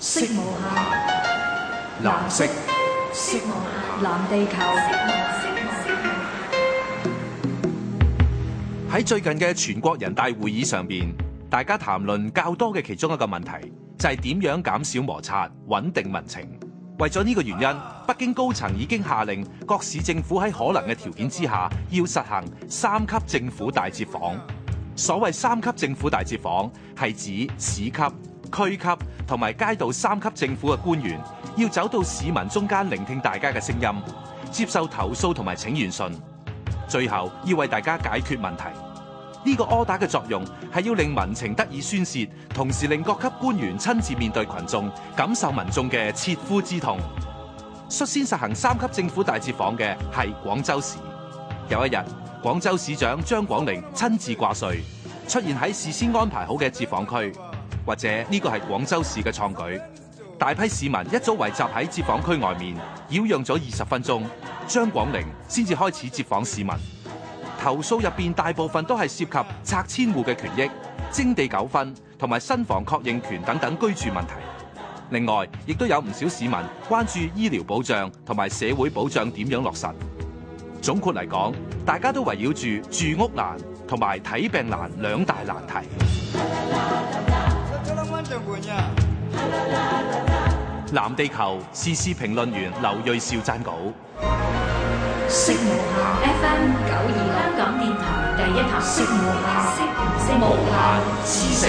色無限，藍色。色無限，藍地球。喺最近嘅全國人大會議上面，大家談論較多嘅其中一個問題，就係點樣減少摩擦、穩定民情。為咗呢個原因，北京高層已經下令各市政府喺可能嘅條件之下，要實行三級政府大接訪。所謂三級政府大接訪，係指市級。區級同埋街道三級政府嘅官員要走到市民中間，聆聽大家嘅聲音，接受投訴同埋請願信，最後要為大家解決問題。呢、這個柯打嘅作用係要令民情得以宣洩，同時令各級官員親自面對群眾，感受民眾嘅切膚之痛。率先實行三級政府大接訪嘅係廣州市。有一日，廣州市長張廣寧親自掛帥，出現喺事先安排好嘅接訪區。或者呢個係廣州市嘅創舉，大批市民一早圍集喺接訪區外面，擾攘咗二十分鐘，張廣寧先至開始接訪市民。投訴入邊大部分都係涉及拆遷戶嘅權益、徵地糾紛同埋新房確認權等等居住問題。另外，亦都有唔少市民關注醫療保障同埋社會保障點樣落實。總括嚟講，大家都圍繞住住屋難同埋睇病難兩大難題。藍地球，時事評論員劉銳紹撰稿。息